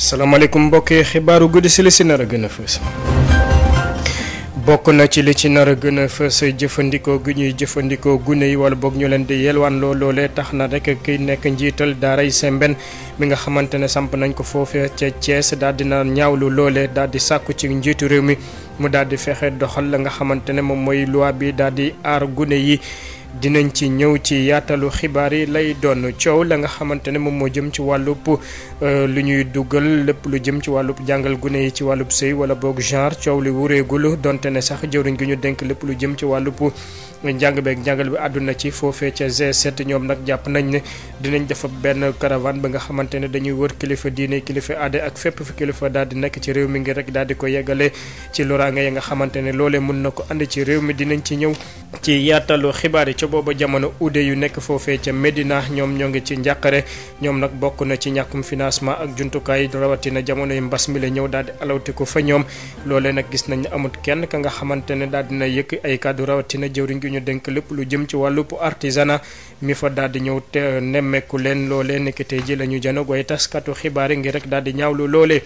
salaamaaleykum mbokk yi xibaaru guddi si si nar a gën a fës. bokk na ci li ci nar a gën a fës jëfandikoo gi ñuy jëfandikoo gune yi wala boog ñu leen di yelwaan loo loolee tax na rek kiy nekk njiital daaray Sembène mi nga xamante ne samp nañ ko foofee ca Thiès daal di na lu loolee daal di sàkku ci njiitu réew mi mu daal di fexe doxal la nga xamante ne moom mooy loi bi daal di aar gune yi. dinañ ci ñëw ci yaatalu xibaar yi lay doon coow la nga xamante ne moom moo jëm ci wàllub euh, lu ñuy dugal lépp lu jëm ci wàllub jàngal gune yi ci wàllub sëy wala boog genre coow li wureegul donte ne sax jëwriñ gi ñu denk lépp lu jëm ci wàllub njàng beeg njàngal bi àdduna ci foofee ca G7 ñoom nag jàpp nañ ne dinañ def benn caravane ba nga xamante ne dañuy wër kilifa diine kilifa aada ak fépp fi kilifa daal di nekk ci réew mi ngir rek daal di ko yeggale ci loraange ya nga xamante ne loolee mun na ko ànd ci réew mi dinañ ci ñëw ci yaatalu xibaar yi ca booba jamono uude yu nekk foofee ca Medina ñoom ñoo ngi ci njàqare ñoom nag bokk na ci ñàkkum financement ak jumtukaay rawatina jamono yi mbas mi la ñëw daal di alawti ko fa ñoom loolee nag gis nañ amut kenn ka nga xamante ne daal dina yëkk ay kàddu rawatina jëwriñ ñu dénk lépp lu jëm ci wàllub artisanat mi fa daal di ñëw te euh, nemmeeku leen loolee nekk tey ji la ñu janoog ay xibaar yi ngi rek daal di ñaawlu loolee.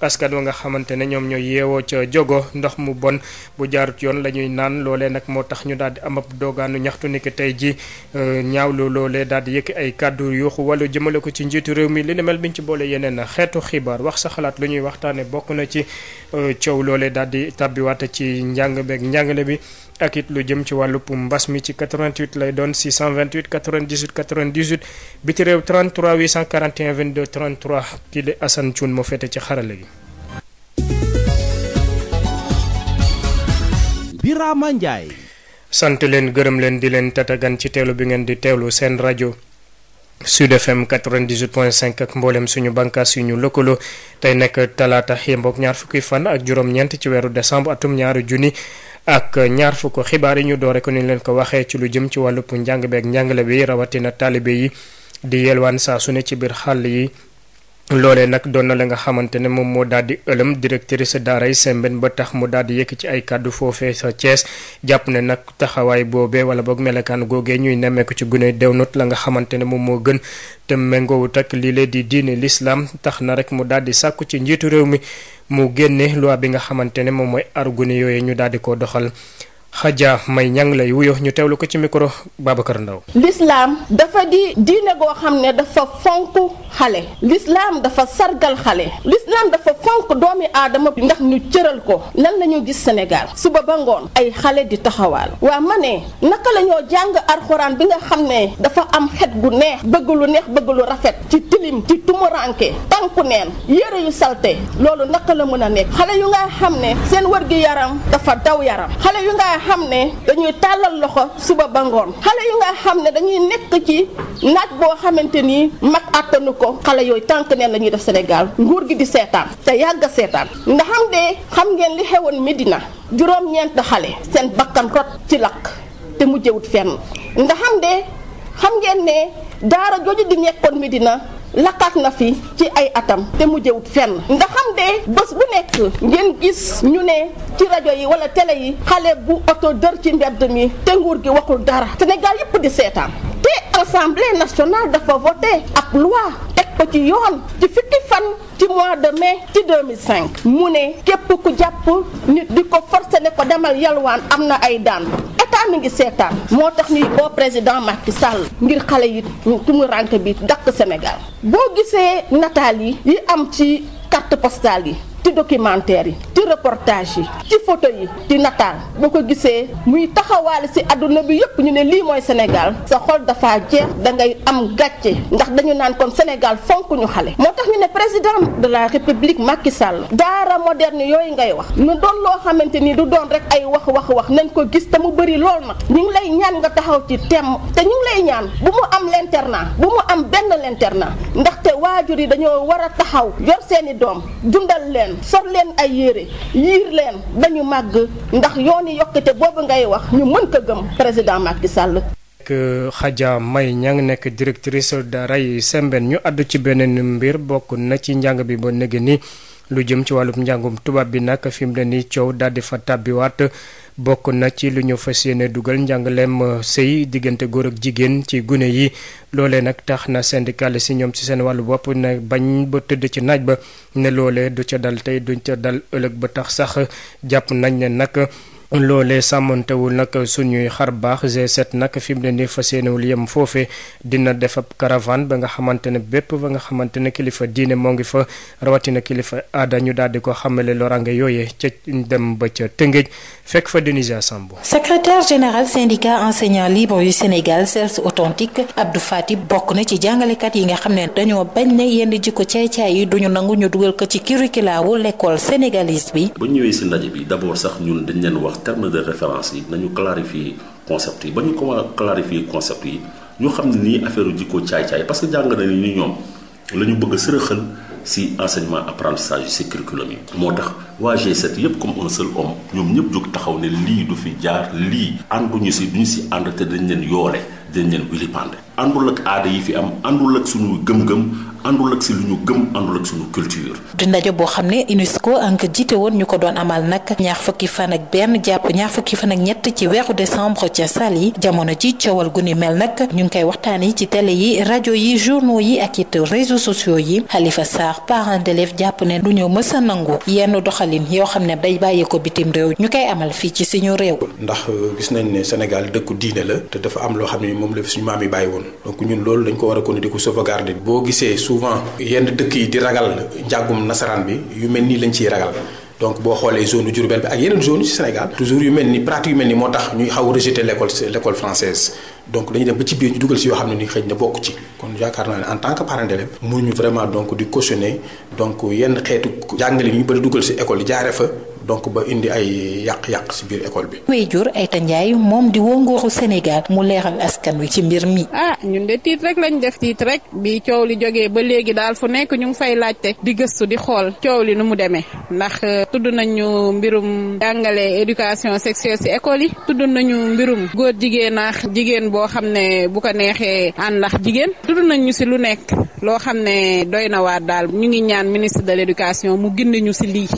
askan wa nga xamante ne ñoom ñooy yeewoo ca jogo ndox mu bon bu jaarut yoon la ñuy naan loolee nag moo tax ñu daal di am ab doogaanu ñaxtu ni ki tey ji euh, ñaawlu loolee daal di yëkk ay kàddu yuuxu wala jëmale ko ci njiitu réew mi li ni mel biñ ci boole yeneen xeetu xibaar wax sa xalaat lu ñuy waxtaane bokk na ci euh, coow loolee daal di tàbbiwaat ci njàng beeg njàngale bi ak lu jëm ci wàllu mbas mi ci 88 lay doon 628 98 98 biti réew 33 841 22 33 kii di Assane Thioune moo féete ci xarala gi. Birama Ndiaye. sant leen gërëm leen di leen tatagan ci teelu bi ngeen di teelu seen rajo. Sud FM 98.5 ak mboolem suñu bànqaas yu ñu lëkkaloo tey nekk talaata yemboog ñaar fukki fan ak juróom-ñeent ci weeru décembre atum ñaari junni. ak ñaar fukk xibaar yi ñu doore ko ni leen ko waxee ci lu jëm ci wàllub njàng beeg njàngale bi rawatina taalibe yi di yelwaan saa su ne ci biir xal yi loolee nag doon na la nga xamante ne moom moo daal di ëlëm directrice daaray Sembène ba tax mu daal di yëkk ci ay kàddu foofee sa Thiès jàpp ne nag taxawaay boobee wala boog melekaan googee ñuy nemmeeku ci gune dewnut la nga xamante ne moom moo gën te méngoowut takk lii lee di diine l'islam tax na rek mu daal di sàkku ci njiitu réew mi mu génne luwaa bi nga xamante ne moom mooy aar gune yooyu ñu daal di ko doxal Xaja May ñang lay wuyoo ñu teewlu ko ci micro Babacar Ndaw lislaam dafa di diine goo xam ne dafa fonk xale lislaam dafa sargal xale lislaam dafa fonk doomi aadama bi ndax ñu cëral ko lan la ñu gis senegal suba ba ngoon ay xale di taxawaal waa ma ne naka lañoo jàng arxuraan bi nga xam ne dafa am xet gu neex bëgg lu neex bëgg lu rafet ci tilim ci tumuraanke tànku neen yére yu salte loolu naka la mën a nekk xale yu nga xam ne seen wër gi yaram dafa daw yaram nga xam ne dañuy tàllal loxo suba ba ngoon xale yu nga xam ne dañuy nekk ci naaj boo xamante ni mag àttanu ko xale yooyu tànk neen la ñuy def senegal nguur gi di seetaan te yàgg a seetaan ndaxam de xam ngeen li xewoon Medina juróom-ñeent xale seen bakkan rot ci lakk te mujjewut fenn ndaxam de xam ngeen ne daara jooju di nekkoon Medina lakkaat na fi ci ay atam te mujjewut fenn nga xam de bés bu nekk ngeen gis ñu ne ci rajo yi wala télé yi xale bu oto dër ci mbedd mi te nguur gi waxul dara Sénégal yëpp di seetaan te assemblée nationale dafa voté ab loi teg ko ci yoon ci fukki fan ci mois de mai ci 2005 mu ne képp ku jàpp nit di ko forcer ne ko demal yalwaan am na ay daan état mi ngi seetaan moo tax ñuy oo président Macky sàll ngir xale yi tumuranke bi daq Sénégal boo gisee nataal yi yi am ci carte postale yi ci documentaire yi ci reportage yi ci photo yi ci nataal boo ko gisee muy taxawaale si àdduna bi yëpp ñu ne lii mooy senegaal sa xol dafa jeex da ngay am gàcce ndax dañu naan kon Sénégal fonk ñu xale moo tax ñu ne président de la république Macky Sall daara moderne yooyu ngay wax nu doon loo xamante ni du doon rek ay wax wax wax nañ ko gis te mu bëri lool nag ñi ngi lay ñaan nga taxaw ci temm te ñu lay ñaan bu mu am l'internat bu mu am benn l'internat ndaxte waajur yi dañoo war a taxaw yor seeni doom dundal leen leen leen ay yére yiir leen dañu màgg ndax yooni yokkute boobu ngay wax ñu mën ko gëm président Macky Sall. Xaja euh, May ñaa ngi nekk directrice daara yi Sembène ñu àddu ci beneen mbir bokk na ci njàng bi ba nëgë ni lu jëm ci wàllu njàngum tubaab bi nag fi mu ne nii coow daldi di fa tàbbiwaat bokk na ci lu ñu fas yéene dugal njàngaleem euh, sëy diggante góor ak jigéen ci gune yi loolee nag tax na syndicat si ñoom ci seen wàllu bopp na bañ ba tëdd ci naaj ba ne loole du ca dal tey duñ ca dal ëllëg ba tax sax jàpp nañ ne nag. loolee sàmmantewul nag suñuy xar baax G7 nag fi mu ne nii fa yéenewul yem foofe dina def ab caravane ba nga xamante ne bépp ba nga xamante ne kilifa diine moo ngi fa rawatina kilifa ada ñu daal di ko xamale loraange yooye ca dem ba ca Tëngéej fekk fa Denisia Sambo. secrétaire général syndicat enseignants libres yu Sénégal CELS authentique Abdou Fati bokk na ci jàngalekat yi nga xam ne dañoo bañ ne yenn jikko caay-caay yi duñu nangu ñu dugal ko ci curriculum wu l'école sénégalaise bi. bu ñëwee terme de référence yi nañu clarifier concept yi ba ñu ko clarifier concept yi ñu xam ne nii affaire jikko caay-caay parce que jàng na ni ñu ñoom la ñu bëgg a sërëxal si enseignement apprentissage yi si curriculum yi. moo tax waa G7 yëpp comme un seul homme ñoom ñëpp jóg taxaw ne lii du fi jaar lii ànduñu si duñu si ànd te dañ leen yoole dañ leen wilipande àndul ak aada yi fi am àndul ak suñu gëm-gëm. àndul ak lu ñu gëm àndul ak suñu culture. di ndaje boo xam ne UNESCO ank jiite woon ñu ko doon amal nag ñaar fukki fan ak benn jàpp ñaar fukki fan ak ñett ci weeru décembre ca salle yi jamono ji coowal gu mel nag ñu ngi koy waxtaanee ci télé yi rajo yi journaux yi ak it réseaux sociaux yi Khalifa Sarr parent d'élève jàpp ne du ñu mës a nangu yenn doxalin yoo xam ne day bàyyi ko bitim réew ñu koy amal fii ci suñu réew. ndax euh, gis nañ ne senegal dëkku diine la te dafa am loo xam ne moom la fi suñu di souvent yenn dëkk yi di ragal njàngum nasaraan bi yu mel nii lañ ci ragal donc boo xoolee zone bu bi ak yeneen zone ci Sénégal toujours yu mel ni pratique yu mel ni moo tax ñuy xaw a rejeter l'école l'école française donc dañuy dem ba ci biir ñu dugal si yoo xam ne ni xëy na bokk ci kon yaakaar naa ne en tant que parent d'élève mënuñu vraiment donc di cautionner donc yenn xeetu jàngale yi ñu bëri dugal si école jaare fa donc ba indi ay yàq-yàq si biir école bi. waajur Aïta Ndiaye moom di woo nguuru Sénégal mu leeral askan wi ci mbir mi. ah ñun de tiit rek lañ def tiit rek bi coow li jógee ba léegi daal fu nekk ñu ngi fay laajte di gëstu di xool coow li nu mu demee ndax euh, tudd nañu mbirum jàngale éducation sexuelle si école yi tudd nañu mbirum góor jigéen ak jigéen boo xam ne bu ko neexee ànd ak jigéen tudd nañu si lu nekk loo xam ne doy na waar daal ñu ngi ñaan ministre de l'éducation mu gindi ñu si lii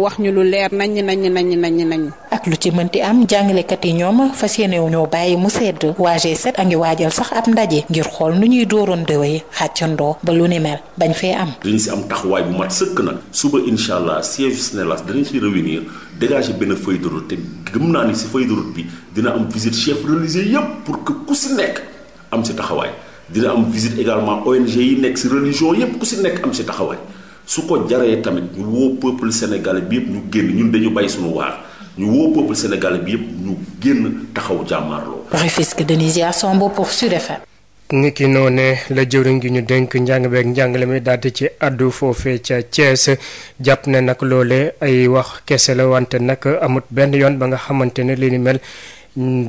wax ñu lu leer naññ naññ naññ naññ naññ. ak lu ci mënti am jàngalekat yi ñoom fas yéene ñoo bàyyi mu sedd waa G7 a sax ab ndaje ngir xool nu ñuy dooroon dëwee xàccandoo ba lu ni mel bañ fee am. dañ si am taxawaay bu mat sëkk nag suba incha allah siège SNELAS danañ si réunir dégager benn feuille de route te gëm naa ni si feuille de bi dina am visite chef religieux yëpp pour que ku si nekk am si taxawaay dina am visite également ONG yi nekk si religion yëpp ku si nekk si taxawaay. su ko jaree tamit ñu woo peuple sénégalais bi yëpp ñu génn ñun dañu bàyyi suñu waar ñu woo peuple sénégalais bi yëpp ñu génn taxaw jàmmaarloo. Rufisque Denisia Sombo pour Sud FM. ki noone la jëwriñ gi ñu dénk njàng beeg njàngale mi daal di ci àddu foofee ca Thiès jàpp ne nag loole ay wax kese la wante nag amut benn yoon ba nga xamante ne li mel.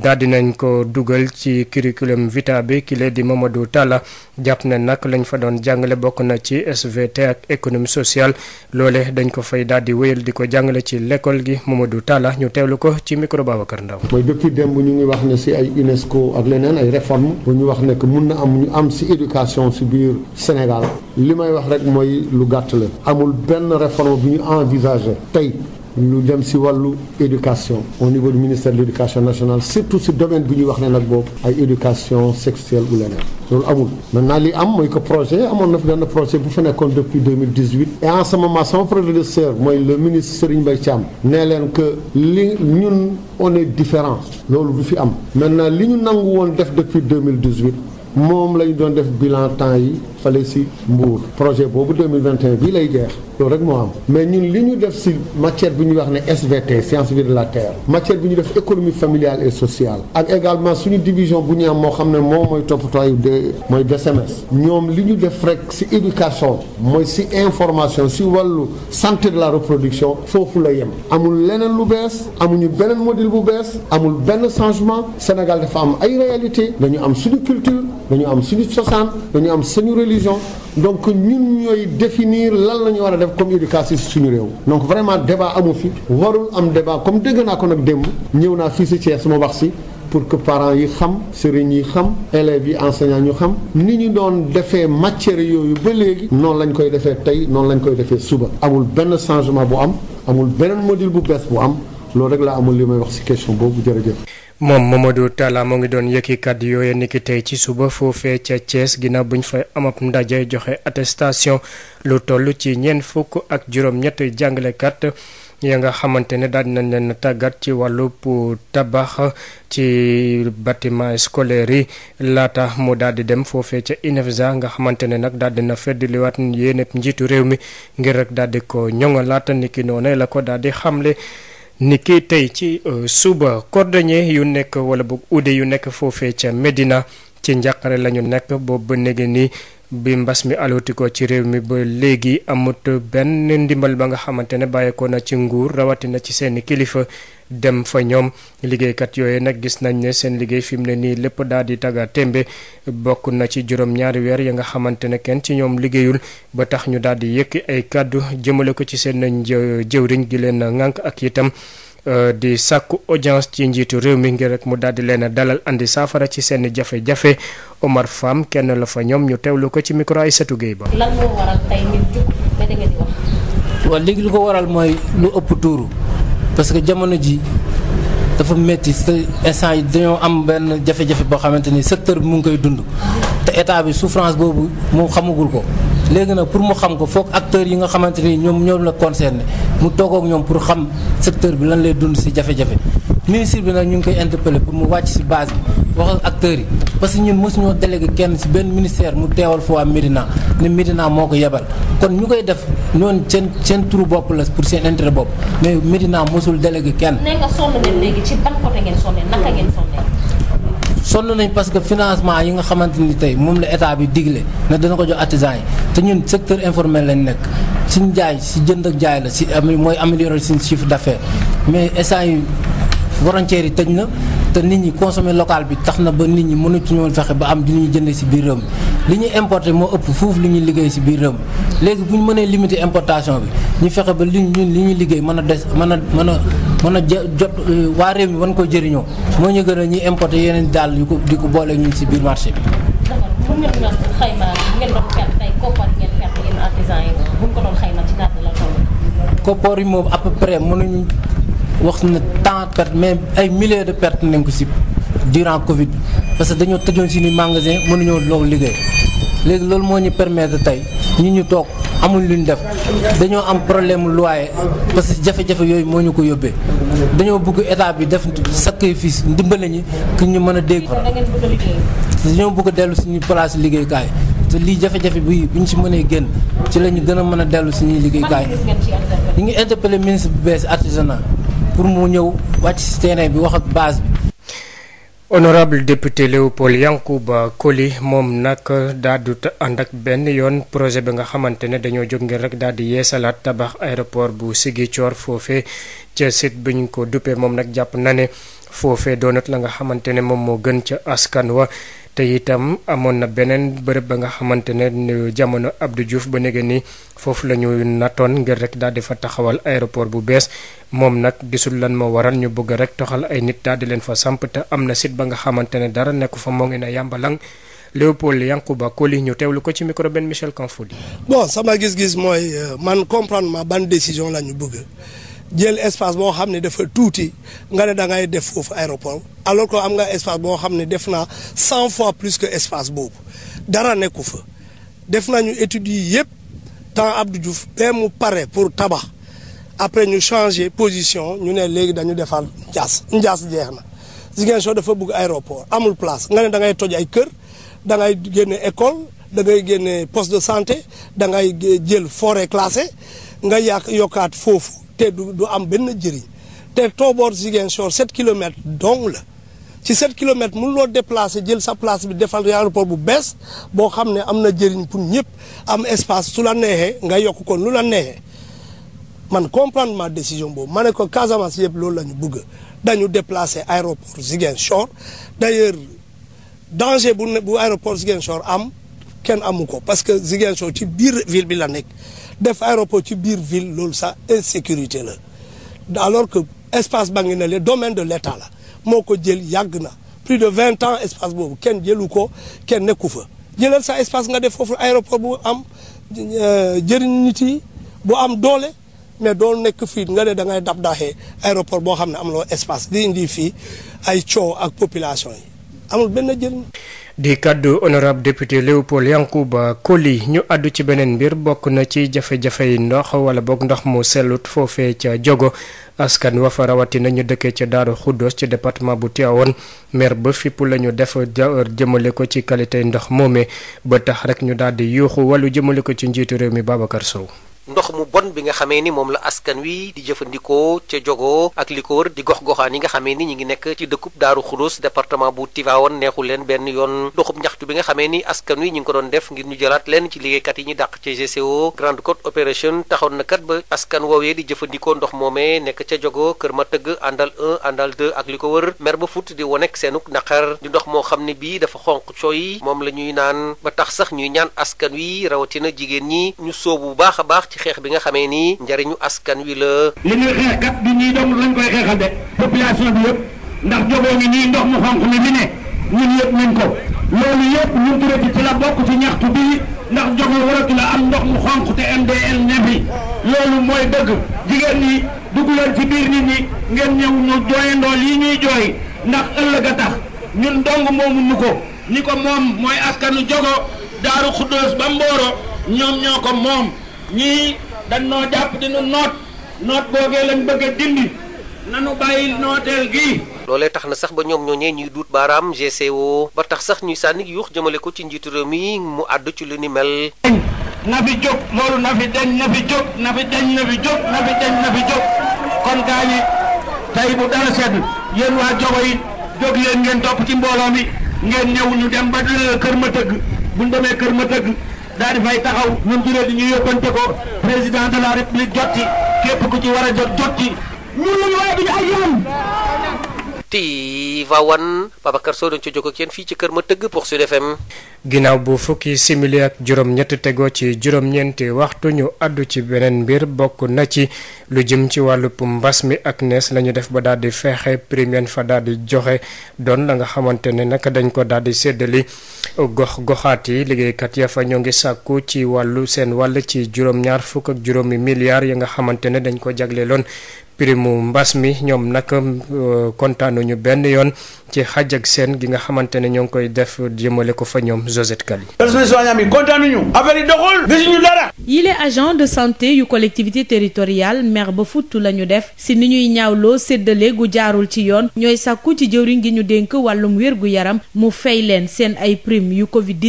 daal di nañ ko dugal ci curriculum vita bi kile lee di Mamadou Talla jàpp na nag lañ fa doon jàngale bokk na ci SVT ak économie sociale loole dañ ko fay daal di wéyal di ko jàngale ci l'école gi Mamadou Talla ñu teelu ko ci micro Babacar Ndaw mooy depuis bu ñu ngi wax ne si ay UNESCO ak leneen ay réforme bu ñu wax ne que mun na am ñu am si éducation si biir Sénégal li may wax rek mooy lu gàtt la amul benn réforme bi ñu envisagé tey lu jëm si wàllu éducation au niveau du ministère de l' éducation nationale surtout si domaine bi ñuy wax ne nag boobu ay éducation sexuelle ou leneen loolu amul maintenant li am mooy que projet amoon na fi benn projet bu fa nekkoon depuis 2018 et en ce moment sama prédécesseur mooy le ministre Serigne Mbaye Thiam nee leen que li ñun on est différent loolu du fi am maintenant li ñu nangu woon def depuis 2018 moom lañu doon def bilan temps yi fale si Mbour projet boobu 2021 bii lay jeex loolu rek moo am mais ñun li ñu def si matière bi ñuy wax ne SVT science vie de la terre matière bi ñu def économie familiale et sociale ak également suñu division bu ñu am moo xam ne moom mooy toppatooyu de mooy DSMS ñoom li ñu def rek si éducation mooy si information si wàllu santé de la reproduction foofu la yem amul leneen lu bees amuñu beneen modèle bu bees amul benn changement Sénégal dafa am ay réalité dañu am suñu culture dañu am suñu cosaan dañu am suñu religion donc ñun ñooy définir lan la ñu war a def comme éducation suñu réew donc vraiment débat amu fi warul am débat comme dégg naa ko nag démb ñëw naa fii si Thiès ma wax si pour que parent yi xam sëriñ yi xam élèves yi enseignants ñu xam ni ñu doon defee matière yooyu ba léegi noonu lañ koy defee tey noonu lañ koy defee suba amul benn changement bu am amul beneen module bu bees bu am loolu rek laa amul li may wax si question boobu jërëjëf moom Mamadou Talla moo ngi doon yëkki kàddu yooyu niki tey ci suba foofee ca Thiès ginnaaw bu ñu fay amab ndaje joxe attestation lu toll ci ñeent fukk ak juróom-ñett jàngalekat ya nga xamante ne daal dinañ leen tàggat ci wàllu tabax ci bâtiment scolaire yi laata mu daal di dem foofee ca INEFJA nga xamante ne nag daal dina feddliwaat yéen njiitu réew mi ngir rek daal ko ko laata niki noonu la ko daal di xamle. ni ki tey ci euh, suba cordonnier yu nekk wala bu ude yu nekk foofee ca Medina ci njàqare lañu nekk boobu ba néegi nii bi mbas mi alooti ko ci réew mi ba léegi amut benn ndimbal ba nga xamante ne bàyyeekoo na ci nguur rawatina ci seeni kilifa dem fa ñoom liggéeykat yooyu nag gis nañ ne seen liggéey fi mu ne nii lépp daal di tagga témbe bokk na ci juróom ñaari weer ya nga xamante ne kenn ci ñoom liggéeyul ba tax ñu daal di yëkk ay kàddu jëmale ko ci seen jëwriñ gi leen ŋànk ak itam Euh, di sàkku audience ci njiitu réew mi ngir rek mu daldi leen a dalal indi saafara ci seen jafe-jafe Omar Fam kenn la fa ñoom ñu teewlu ko ci micro ay setu géey ba. lan moo léegi lu ko waral mooy lu ëpp tuuru parce que jamono ji dafa métti sa instant yi dañoo am benn jafe-jafe boo xamante ni secteur bi mu ngi koy dund te état bi souffrance boobu moom xamagul ko. léegi nag pour mu xam ko foog acteurs yi nga xamante ni ñoom ñoom la concerné mu toogook ñoom pour xam secteur bi lan lay dund si jafe-jafe ministre bi nag ñu ngi koy interpellé pour mu wàcc si base bi wax ak acteurs yi parce que ñun mosuñoo délégué kenn si benn ministère mu teewal foo am Médina ne Médina moo ko yebal kon ñu koy def ñoon seen seen turu bopp la pour seen intérêt bopp mais Médina mosul délégué kenn. nee sonn nañ parce que financement yi nga xamante ni tey moom la état bi digle na dana ko jox artisans yi te ñun secteur informel lañ nekk suñ jaay si jënd ak jaay la si mooy améliorer suñ chiffre d'affaires mais essence yi frontières yi tëj na te nit ñi consommer local bi tax na ba nit ñi mënatuñu woon fexe ba am du ñuy jënd si biir réew mi li ñuy importer moo ëpp foofu li ñuy liggéey si biir réew mi léegi bu mënee limiter importation bi ñu fexe ba li li ñuy liggéey mën a des mën a mën a mën a jot euh, waa réew mi wan ko jëriñoo moo ñu gën a ñuy importé yeneen daal yu ko di ko boole ñun si biir marché bi. koppoor yi moom à peu près mënuñu wax na tant perte mais ay milliers de perte nañ ko si durant Covid parce que dañoo tëjoon suñu magasin mënuñoo loolu liggéey léegi loolu moo ñu permettre tey ñi ñu toog amul lu ñu def dañoo am problème loyer parce que jafe-jafe yooyu moo ñu ko yóbbee dañoo bugg état bi def sacrifice ndimbale ñi ki ñu mën a dégg. dañoo bëgg a dellu suñu place liggéeykaay te lii jafe-jafe bi bu ñu si mënee génn ci la ñu gën a mën a dellu suñuy liggéeykaay ñu ngi interpellé ministre bu bees artisanat pour mu ñëw wàcc si terrain bi wax ak base bi. honorable député Léopold Yankuba Koli moom nag daadu ànd ak benn yoon projet bi nga xamante ne dañoo jóg ngir rek daal di yeesalaat tabax aéroport bu Ziguinchor foofe ca site bi ko duppee moom nag jàpp na ne foofe doonat la nga xamante ne moom moo gën ca askan wa te itam amoon na beneen bërëb ba nga xamante ne jamono Abdou Diouf ba nege ni foofu la ñu nattoon ngir rek daal di fa taxawal aéroport bu bees moom nag gisul lan moo waral ñu bëgg rek toxal ay nit daal di leen fa samp te am na site ba nga xamante ne dara nekku fa moo ngi ne yàmbalang Léopold Yankuba Koli ñu teewlu ko ci micro benn Michel Kanfoudi. bon sama gis-gis mooy euh, man comprendre ma ban décision la ñu bëgg jël espace boo xam ne dafa tuuti nga ne da def foofu aéroport alors que am nga espace boo xam ne def naa cent fois plus que espace boobu dara nekku fa def nañu études yi yëpp temps Abdou Diouf mu pare pour tabax après ñu changer position ñu ne léegi dañu defar Ndiass Ndiass jeex na Ziguinchor dafa bugg aéroport amul place nga ne da toj ay kër da ngay génne école da ngay génne poste de santé da ngay jël forêt classée nga yàq yokkaat foofu te du am benn jëriñ te Tobor Ziguinchor 7 kilomètres dong la ci 7 kilomètres loo déplacer jël sa place bi defal aéroport bu bees boo xam ne am na jëriñ pour ñëpp am espace su la neexee nga yokk ko lu la neexee man comprendre ma décision boobu ma ne ko Casamance yëpp loolu la ñu bëgg dañu déplacer aéroport Ziguinchor d'ailleurs danger bu ne bu aéroport Ziguinchor am kenn amu ko parce que Ziguinchor ci biir ville bi la nekk def aéroport ci biir ville loolu sa insécurité la espace ba ngi ne le domaine de l'état la moo ko jël yàgg na plus de vingt ans espace boobu kenn jëlu ko kenn nekku fa jëlal sa espace nga def foofu aéroport bu am euh, jëriñ nit yi bu am doole mais doo nekk fii nga ne da ngay dab daaxee aéroport boo xam ne am loo espace di indi fii ay coo ak population yi amul benn jëriñ di kàddu honorable député Léopold Yankuba Koli ñu àddu ci beneen mbir bokk na ci jafe-jafe ndox wala boog ndox mu sellut foofee ca jogo askan wa fa rawatina ñu dëkkee ca Daaru Xuddoos ci département bu Tivaouane maire ba fipp la ñu def er, jëmale ko ci qualité ndox moomee ba tax rek ñu daal di yuuxu wàllu jëmale ko ci njiitu réew mi Babacar Sow ndox mu bon bi nga xamee ni moom la askan wi di jëfandikoo ca jogoo ak li ko wër di gox-goxaan yi nga xamee ni ñi ngi nekk ci dëkkub Daaru Xudus département bu Tivaouane neexul leen benn yoon doxub ñaxtu bi nga xamee ni askan wi ñu ngi ko doon def ngir ñu jëlaat leen ci liggéeykat yi ñu dàq ci GCO Grande Côte Opération taxoon na kat ba askan woowee di jëfandikoo ndox moomee nekk ca jogo kër ma tëgg àndal 1 àndal 2 ak li ko wër mer ba fut di wonek seenuk naqar di ndox moo xam ne bii dafa xonq cooy moom la ñuy naan ba tax sax ñuy ñaan askan wi rawatina jigéen ñi xeex bi nga xamee nii njariñu askan wi la. li ñuy xeex kat du ñuy dong lañ koy xeexal de population bi yëpp ndax jógoo ngi nii ndox mu xonq mi mi ne ñun yëpp nañ ko loolu yëpp ñun turati ci la bokk ci ñaxtu bi ndax jógoo ndox mu xonq te MDL ñebi loolu mooy dëgg jigéen ñi dugg leen ci biir nit ñi ngeen ñëw ñu jooyandoo li ñuy jooy ndax ëllëg a tax ñun dong moomu nu ko ni ko moom mooy askanu jogo daaru xuddoos ba mbooro ñoom ñoo ko moom ñii dañ noo jàpp di noot noot boogee lañ bëgg a dindi nanu bàyyi nooteel gi loolee tax na sax ba ñoom ñooñee ñuy duut baaraam GCO ba tax sax ñuy sànni yuux jëmale ko ci njiitu réew mi mu àdd ci lu ni mel na fi jóg loolu na fi deñ na fi jóg na fi deñ na fi jóg na fi deñ na fi jóg kon gaa ñi tey bu dara sedd yéen waa jogo yi jóg leen ngeen topp ci mbooloo mi ngeen ñëw ñu dem ba kër ma tëgg buñ demee kër ma tëgg daal di fay taxaw ñun durée di ñu yóbbante ko président la république jot ci képp ku ci war a jot jot ci ñun lañu waaye Tivaouane Babacar Sow dañu ci jokk ak fii ci kër ma tëgg pour Sud FM. ginnaaw bu fukki simili ak juróom-ñett tegoo ci juróom-ñeenti waxtu ñu àddu ci beneen mbir bokk na ci lu jëm ci wàllu wàllub mbas mi ak nees lañu def ba daal di fexe première fa daal di joxe doon la nga xamante ne nag dañ ko daal di séddali gox goxaat yi liggéeykat ya fa ñoo ngi sàkku ci wàllu seen wàll ci juróom-ñaar fukk ak juróomi milliards ya nga xamante ne dañ ko jagleeloon. pirimu mbas mi ñoom nag euh, ñu benn yoon ci xaj ak seen gi nga xamante ne ñoo ngi koy def jëmale ko fa ñoom Josette Kali. personnels soignants yi kontaanuñu affaire yi doxul gisuñu dara. yile agent de santé yu collectivité territoriale mer ba futt la ñu def si ni ñuy ñaawloo séddale gu jaarul ci yoon ñooy sàkku ci jëwriñ gi ñu dénk wàllum wér gu yaram mu fay leen seen ay prime yu Covid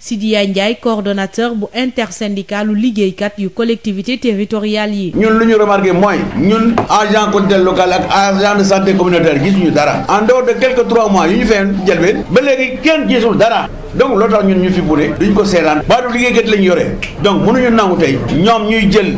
Sidya Ndiaye coordonnateur bu intersyndicalu liggéeykat yu collectivité territoriale yi. ñun lu ñu remarqué mooy ñun agent communautaire local ak agent de santé communautaire gisuñu dara en dehors de quelques trois mois yu ñu feen jël ba léegi kenn gisul dara. donc loo tax ñun ñu fi bune duñ ko seetaan baadu liggéeykat lañu yore donc mënuñu nangu tey ñoom ñuy jël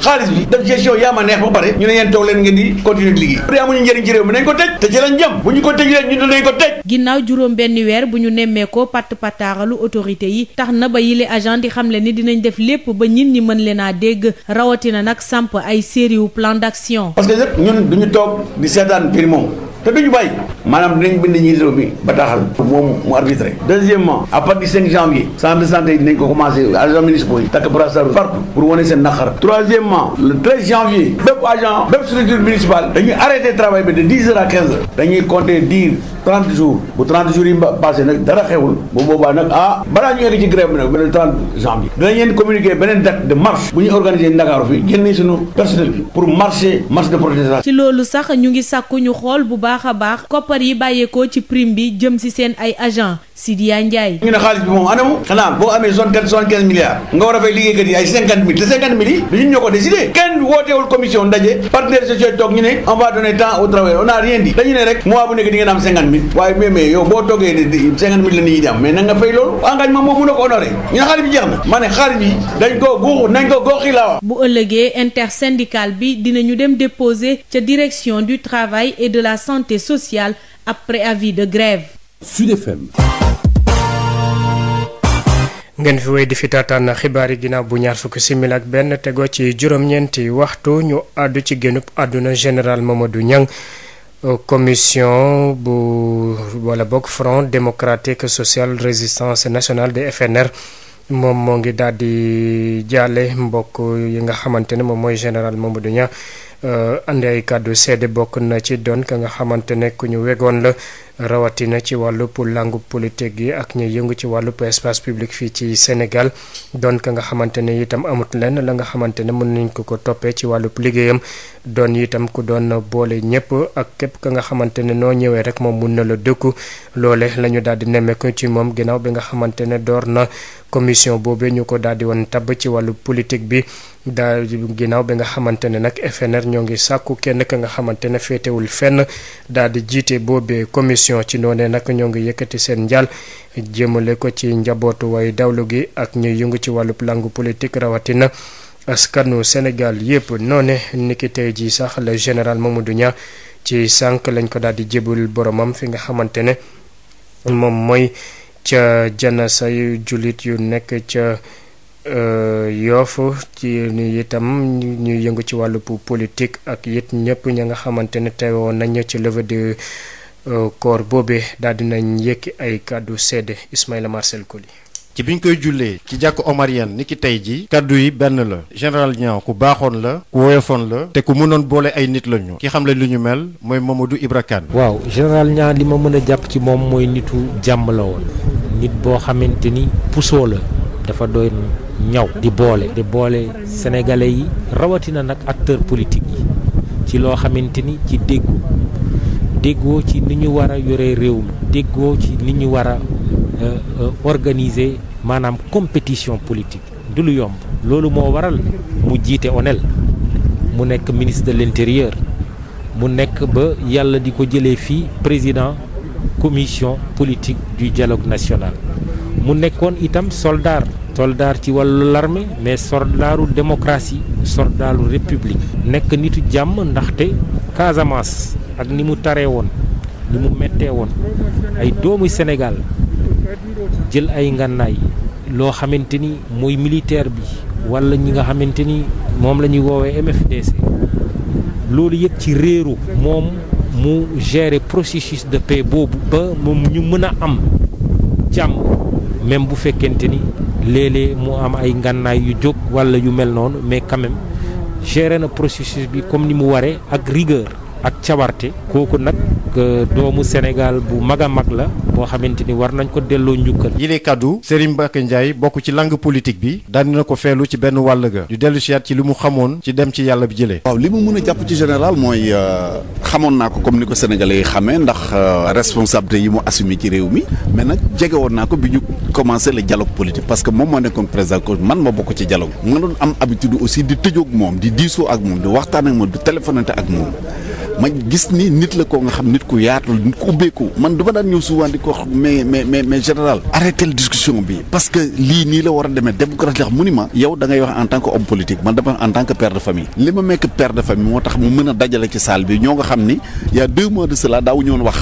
xaalis bi def gestion yaa ma neex ba pare ñu ne yeen toog leen ngeen di continuer di liggéey bu dee amuñu njëriñ ci réew mi nañ ko tëj te ci lañ jëm bu ñu ko tëj leen ñu dinañ ko tëj ginnaaw juróom benn weer bu ñu nemmee ko patt pataaralu autorité yi tax na ba yile agent di xam le ni dinañ def lépp ba ñit ñi mën leen a dégg rawatina nag samp ay série wu plan d'action parce que ñun duñu toog di seetaan primo te duñu bàyyi maanaam dinañ bind ñi réew mi ba moom mu arbitré deuxièmement à partir janvier centre santé yi dinañ ko commencé agents municipaux yi takk brassard partout pour wane seen naqar troisièmement le 13 janvier bépp agent bépp structure municipale dañuy arrêté travail bi de 10 heures à dañuy compter diir 30 jours bu 30 jours yi passé nag dara xewul bu boobaa nag ah balaa ñu egg ci grève bi nag le 30 beneen date de marche bu ñu organiser ngi sàkku ñu bu baax baax a baax koppar yi bàyyeekoo ci prime bi jëm si seen ay agent Sidiya Ndiaye. ñu ne xaalis bi moom anamu xanaa boo amee zone quatre zone quinze milliards nga war a fay liggéeykat yi ay cinquante te cinquante yi du ñoo ko décidé kenn wooteewul commission ndaje partenaires sociaux toog ñu ne on va temps au travail on a rien dit dañu ne rek mois bu nekk di ngeen am cinquante waaye mais mais yow boo toogee ne cinquante mille la nit ñi di am mais na nga loolu engagement moom mënoo ko honoré ñu ne xaalis bi jeex na ma xaalis bi dañ ko guuxu de la santé ngeen fi wéy di fi taataan xibaar yi ginnaaw bu ñaar fukki simili ak benn tegoo ci juróom-ñeenti waxtu ñu àddu ci génnub àdduna général du Niang commission bu wala bokk front démocratique sociale résistance nationale de FNR moom moo ngi daal di jàlle mbokk yi nga xamante ne moom mooy général Mamadou Niang euh, andi ay kàddu seede bokk na ci doon ka nga xamante ne ñu wegoon la rawatina ci wàllu pour langue politique ak ñi yëngu ci wàllu espace public fii ci Sénégal doon ka nga xamante ne itam amut lenn la nga xamante ne mën nañ ko ko toppee ci wàllu liggéeyam doon itam ku doon boole ñëpp ak képp ka nga xamante ne noo ñëwee rek moom mun na la dëkku loole la ñu daal di nemmeeku ci moom ginnaaw bi nga xamante ne door na commission boobe ñu ko daal di woon tabb ci wàllu politique bi daal ginnaaw bi nga xamante ne nag FNR ñoo ngi sàkku kenn ka nga xamante ne féetewul fenn daal di jiite boobee commission ci noone nag ñoo ngi yëkkati seen njaal jéemale ko ci njabootu way dawlu gi ak ñuy yëngu ci wàllu langue politique rawatina. askanu Sénégal yépp noone niki tey jii sax le général Mamadou Niang ci sànq lañ ko daal di jébal boromam fi nga xamante ne moom mooy. ca janasa yu jullit yu nekk ca euh, yoof ci itam ñu yëngu ci wàllu politique ak yit ñëpp ña nga xamante ne teewoon nañ ci levée de euh, corps boobee daal dinañ yëkki ay kàddu sedd Ismaïla Marcel Koli ci biñ koy jullee ci jàkk omarienne ni ki tey ji kàddu yi benn la général Niang ku baaxoon la ku woyofoon la te ku mënoon boole ay nit la ñu ki xam la li ñu mel mooy Mamadou Ibra Kane waaw général Niang li ma mën a jàpp ci moom mooy nitu jàmm la woon nit boo xamante ni pusoo la dafa doy ñaw di boole di boole sénégalais yi rawatina nag acteur politique yi ci loo xamante ni ci déggu déggoo ci ni ñu war a yoree réew mi déggoo ci ni ñu war a euh, euh, organiser maanaam compétition politique du lu yomb loolu moo waral mu jiite onel mu nekk ministre de l'intérieur mu nekk ba yàlla di ko jëlee fii président commission politique du dialogue national mu nekkoon itam soldat soldat ci wàllu l'armée mais soldaaru démocratie soldaaru république nekk nitu jàmm ndaxte Casamance ak ni mu taree woon ni mu mettee woon ay doomu Sénégal jël ay ngànnaay loo xamante ni mooy militaire bi walla ñi nga xamante ni moom la ñuy woowee MFDC loolu yëpp ci réeru moom mu gérer processus de paix boobu ba moom ñu mën a am jàmm même bu fekkente ni léeg-léeg mu am ay ngànnaay yu jóg walla yu mel noonu mais quand même na processus bi comme ni mu waree ak rigueur ak cawarte kooku nag euh, doomu Sénégal bu mag a mag la boo xamante ni war nañ ko delloo njukkal. yile kaddu Serigne Mbacké Ndiaye bokk ci langue politique bi daan na ko feelu ci benn wàll ga. ñu dellu ci li mu xamoon ci dem ci yàlla bi jëlee. waaw li mu mën a jàpp ci général mooy euh, xamoon naa ko comme ni ko sénégalais xamee ndax euh, responsabilité yi mu assumé ci réew mi mais nag jege woon naa ko bi ñu commencé le dialogue politique parce que moom moo nekkoon président ko man ma bokk ci dialogue. ma doon am habitude aussi di tëjoog moom di diisoo ak moom di waxtaan ak moom di ak moom. ma gis ni nit la ko nga xam nit ku yaatu nit ku ubbeeku man du ma daan ñëw souvent ko wax mais mais mais mais général arrêté bi parce que lii nii la war a demee démocratie mu ni ma yow da ngay wax en tant que homme politique man dama en tant que père de famille li ma mekk père famille moo tax mu mën a dajale ci salle bi ñoo nga xam ni y a deux mois de cela wax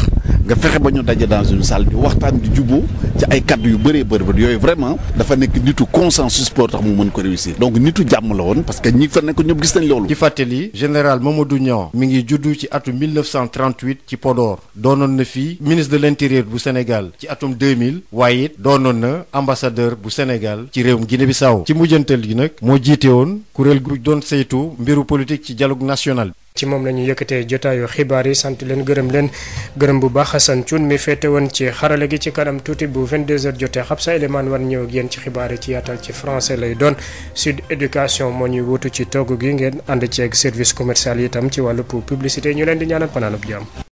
nga fexe ba ñu daje dans une salle di waxtaan di juboo ci ay kaddu yu bëree bëri yooyu vraiment dafa nekk nitu consensus pour tax mu mën ko réussir donc nitu jàmm la woon parce que ñi fa nekk ñëpp gis nañ loolu. ci fàttali général Mamadou Niang mi ngi juddu ci atum 1938 ci Podor doonoon na fii ministre de l' intérieur bu Sénégal ci atum 2000 waaye it doonoon na ambassadeur bu Sénégal ci réew réewum Guinée-Bissau ci mujjantal gi nag moo jiite woon kuréel gu doon saytu mbiru politique ci dialogue national. ci moom la ñu yëkkatee jotaayu xibaar yi sant leen gërëm leen gërëm bu baax Assane Thioune mi féete woon ci xarala gi ci kanam tuuti bu vingt deux h jotee xam sa élément war ñëw ak ci xibaar yi ci yaatal ci français lay doon sud éducation moo ñuy wutu ci togg gi ngeen ànd ceeg service commercial yi itam ci wàll wàllu publicité ñu leen di ñaanal panaanub jàmm